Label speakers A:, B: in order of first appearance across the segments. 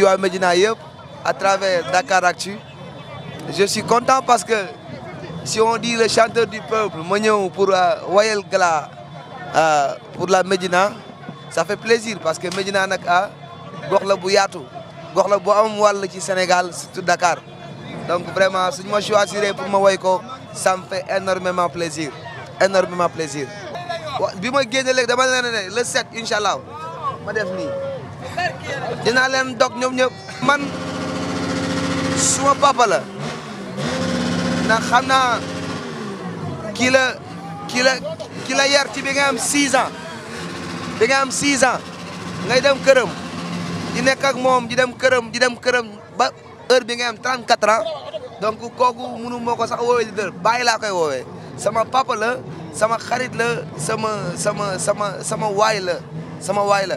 A: nuyu Medina Médina à travers Dakaractu je suis content parce que si on dit le chanteur du peuple ma pour euh, wayal gala euh, pour la Medina, ça fait plaisir parce que Medina n'a ah Gorla la bu Bouamoual qui la bu am tout ci Sénégal surtout Dakar donc vraiment je suis choisir pour ma woy ko ça me fait énormément plaisir énormément plaisir. wa bi ma génne léegi dama leen le 7 incha ma def dinaa leen dog ñoom ñëpp man suma papa la ndax xam kila kila la kii la kii la yar ci bi nga am 6 ans bi nga am 6 ans ngay dem këram di nekk ak moom di dem këram di dem ba heure bi nga am 34 ans donc munu moko sax woowee di dër bàyyi koy sama papa la sama xarit la sama sama sama sama waay la sama waay la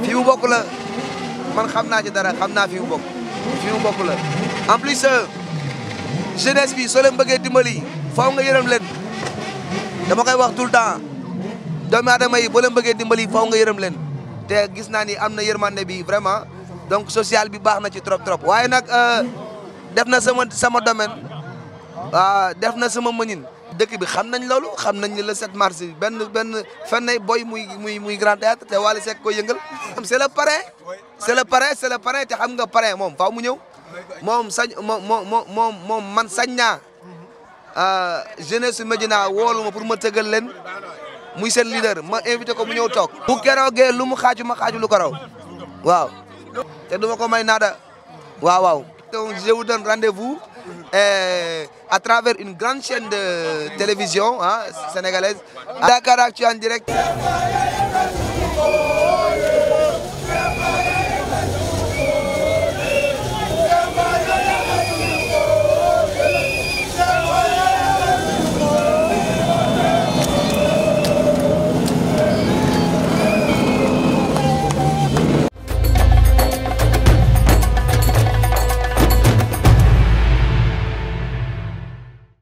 A: fii mu bokk la man xam naa ci dara xam naa fii mu bokk fii mu bokk la en plus euh, jeunesse bi soo leen dimbali faaw nga yërëm leen dama koy wax tout le temps doomu aadama yi boo leen dimbali faaw nga yërëm leen te gis naa ni am na yërmande bi vraiment donc social bi baax na ci trop trop waaye nag euh, def na sama sama domaine waaw ah, def na sama mënin dëkk bi xam nañ loolu xam nañ ni le 7 mars bi benn benn fennay boy muy muy muy grand théâtre te Wally Seck ko yëngal am c'est le parrain c'est le parrain c'est te xam nga parrain moom faaw mu ñëw moom sañ moom moom moom moom man sañ naa ah, jeunesse su Médina woolu ma pour ma tëgal leen muy seen leader ma invité ko mu ñëw toog bu keroogee lu mu xaaju ma xaaju lu ko raw waaw te duma ko may naada waaw waaw je vous donne rendez-vous euh, à travers une grande chaîne de télévision hein, sénégalaise. Dakar Actu en direct.